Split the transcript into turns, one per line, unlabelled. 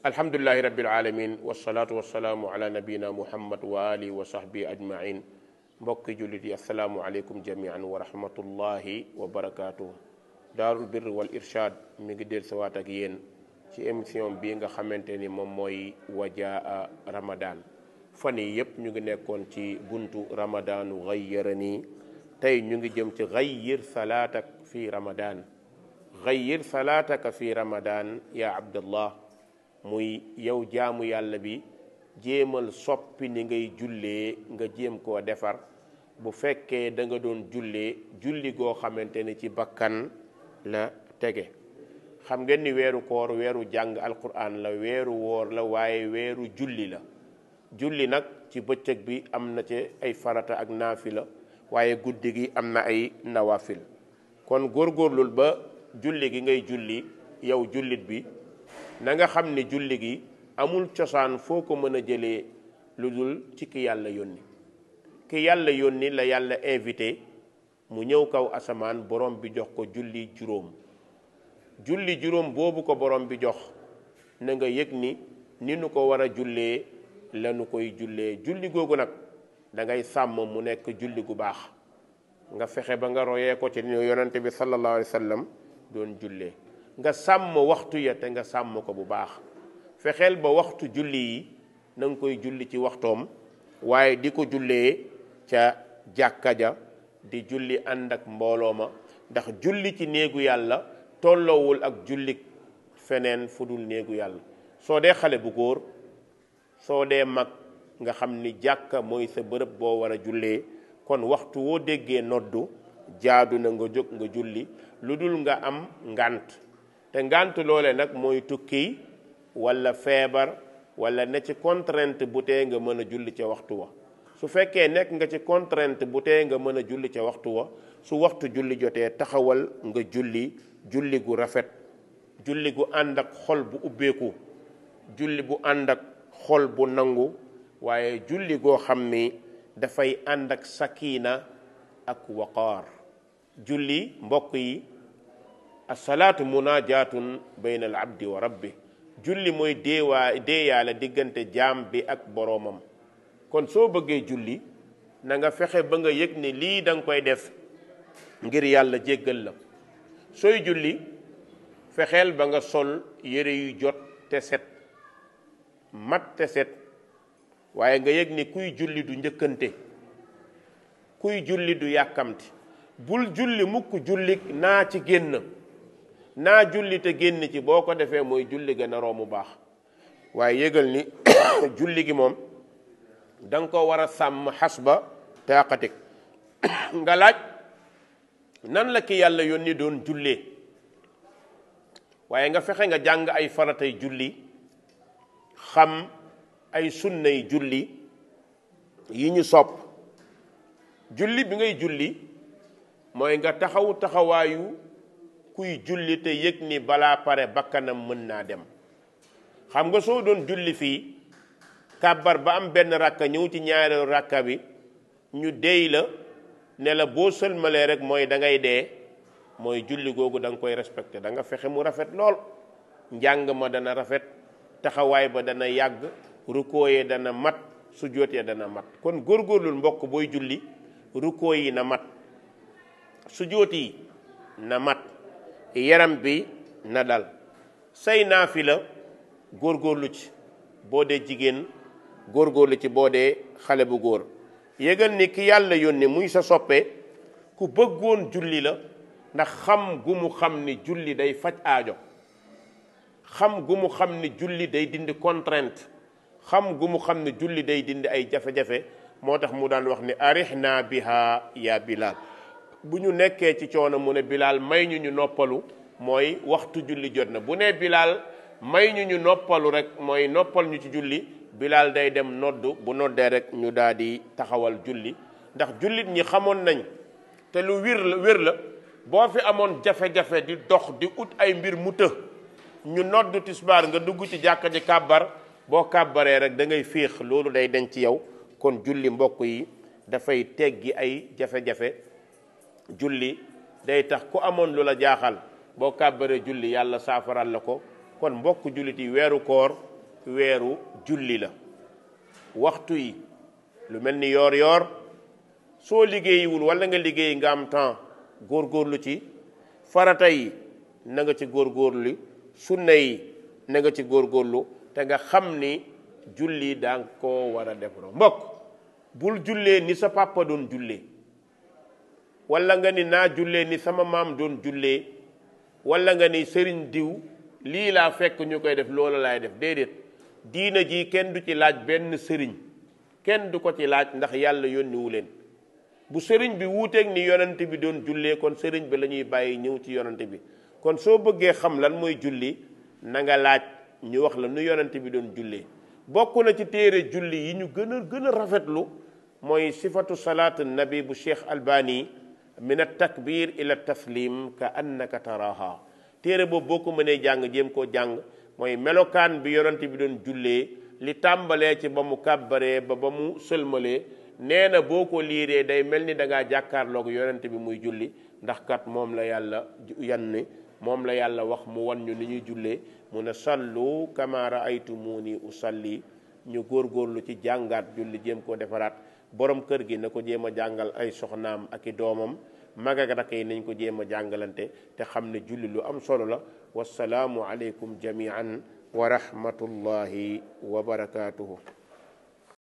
alhamdulilahi rabil alamin wasalaatu wasalaamu ala nabiyina muhammad wa alihi wa sahbi ajmain mbokki jullit yi asalaamu aleykum jamian wa rahmatullahi wa barakatuh daarul birr wal irshad mi ngi del sawaat ak yéen ci émission bii nga xamante ni moom mooy wajaa ramadan fan yi yépp ñu ngi nekkoon ci buntu ramadaanu gayyarani tey ñu ngi jëm ci gayyir salaatak fi ramadan gayyir salaataka fi ramadan ya abdallah muy yow jaamu yàlla bi jéemal soppi ni ngay jullee nga jéem koo defar bu fekkee danga doon jullee julli goo xamante ne ci bakkan la tege xam ngeen ni weeru koor weeru jàng alquran la weeru woor la waaye weeru julli la julli nag ci bëccëg bi am na ci ay farata ak naafi la waaye guddi gi am na ay nawafil kon góorgóorlul ba julli gi ngay julli yow jullit bi na nga xam ne julli gi amul cosaan foo ko mën a jëlee lu dul ci ki yàlla yónni ki yàlla yónni la yàlla invité mu ñëw kaw asamaan borom bi jox ko julli juróom julli juróom boobu ko borom bi jox na nga yëg ni ni nu ko war a jullee lanu koy jullee julli googu nag dangay sàmm mu nekk julli gu baax nga fexe ba nga royee ko ci ñu yonante bi sallallahu alayhi wa doon julle nga sàmm waxtu ya te nga sàmm ko bu baax fexeel ba waxtu julli yi na koy julli ci waxtoom waaye di ko jullee ca jàkka ja di julli ànd ak mbooloo ma ndax julli ci néegu yàlla tolloowul ak julli feneen fu dul néegu yàlla soo dee xale bu góor soo dee mag nga xam ni jàkka mooy sa bërëb boo war a jullee kon waxtu woo déggee noddu jaadu na nga jóg nga julli lu dul nga am ngànt te ngàntu loole nag mooy tukki walla feebar walla ne ci contrainte bu tee nga mën a julli ca waxtu wa su fekkee nekk nga ci contrainte bu tee nga mën a julli ca waxtu wa su waxtu julli jotee taxawal nga julli julli gu rafet julli gu ànd ak xol bu ubbeeku julli bu ànd ak xol bu nangu waaye julli goo xam ni dafay ànd ak sakina ak waqaar julli mbokk yi asalaatu munajaatun bayna al abdi wa rabbi julli mooy deewaa deeyaala diggante jaam bi ak boroomam kon soo bëggee julli na nga fexe ba nga yëg ne lii danga koy def ngir yàlla jéggal la sooy julli fexeel ba nga sol yére yu jot te set mat te set waaye nga yëg ni kuy julli du njëkkante kuy julli du yàkkamti bul julli mukk julli naa ci génn naa julli te génn ci boo ko defee mooy julli ga naroo mu baax waaye yëgal ni julli gi moom danga ko war a sàmm xas ba taaqatik nga laaj nan la ki yàlla yónni doon jullee waaye nga fexe nga jàng ay faratay julli xam ay sunnay julli yi ñu sopp julli bi ngay julli mooy nga taxaw taxawaayu kuy julli te yëg ni balaa pare bakkanam mën naa dem xam nga soo doon julli fii kàbbar ba am benn rakka ñëw ci ñaareelu rakka bi ñu dey la ne la boo sëlmalee rek mooy da ngay dee mooy julli googu da nga koy respecté da nga fexe mu rafet lool njàng ma dana rafet taxawaay ba dana yàgg rukkoo yee dana mat sujjóot ya dana mat kon góorgóorlul mbokk booy julli rukkoo yi na mat sujjóot yi na mat yaram bi na dal say góor góorlu ci boo dee jigéen góor góorgóorlu ci boo dee xale bu góor yëgal ni ki yàlla yónni muy sa soppe ku bëggoon julli la ndax xam gu mu xam ni julli day faj aajo xam gu mu xam ni julli day dindi contrainte xam gu mu xam ni julli day dindi ay jafe-jafe moo tax mu daan wax ni arix naa biha yaa bilaal bu ñu nekkee ci coono mu ne bilaal may ñu ñu noppalu mooy waxtu julli jot na bu nee bilaal may ñu ñu noppalu rek mooy noppal ñu ci julli bilaal day dem noddu bu noddee rek ñu daal di taxawal julli ndax jullit ñi xamoon nañ te lu wér la wér la boo fi amoon jafe-jafe di dox di ut ay mbir mu të ñu noddu tisbaar nga dugg ci jàkka ji kàbbar boo kàbbaree rek dangay ngay féex loolu day denc ci yow kon julli mbokk yi dafay teggi ay jafe-jafe julli day tax ku amoon lu la jaaxal boo kàbbaree julli yàlla saafaral la ko kon mbokk jullit yi weeru koor weeru julli la waxtu yi lu mel ni yoor yoor soo liggéeyiwul wala nga liggéey nga am temps góorlu ci farata yi na ci góor sunna su na nanga ci góor góorlu te nga xam ni julli danga koo war a defaroo mbokk bul jullee ni sa papa doon jullee walla nga ni naa jullee ni sama maam doon jullee walla nga ni sëriñ diw lii laa fekk ñu koy def loolu laay def déedéet diina ji kenn du ci laaj benn sëriñ kenn du ko ci laaj ndax yàlla yónniwu leen bu sëriñ bi wuuteeg ni yonante bi doon jullee kon sëriñ bi la ñuy bàyyi ñëw ci yonante bi kon soo bëggee xam lan mooy julli nanga laaj ñu wax la nu yonante bi doon jullee bokk na ci téere julli yi ñu gën a gën a rafetlu mooy sifatu salaatu nabi bu cheikh albani min at takbir ila taslim ka annaka taraha téere boobu boo ko mënee jàng jéem koo jàng mooy melokaan bi yonante bi doon jullee li tàmbalee ci ba mu kàbbaree ba ba mu sëlmalee nee na boo ko liiree day mel ni da ngaa jàkkaarloog yonante bi muy julli ndax kat moom la yàlla yanni moom la yàlla wax mu wan ñu li ñuy jullee mu ne sallu kama raaytumuni usalli ñu góor góorgóorlu ci jàngaat julli jéem koo defaraat borom kër gi na ko jéem a jàngal ay soxnaam ak i doomam mag ak rakk yi nañ ko jéem a jàngalante te xam ne julli lu am solo la wasalaamu aleykum jamian wa rahmatullahi wa barakaatuhu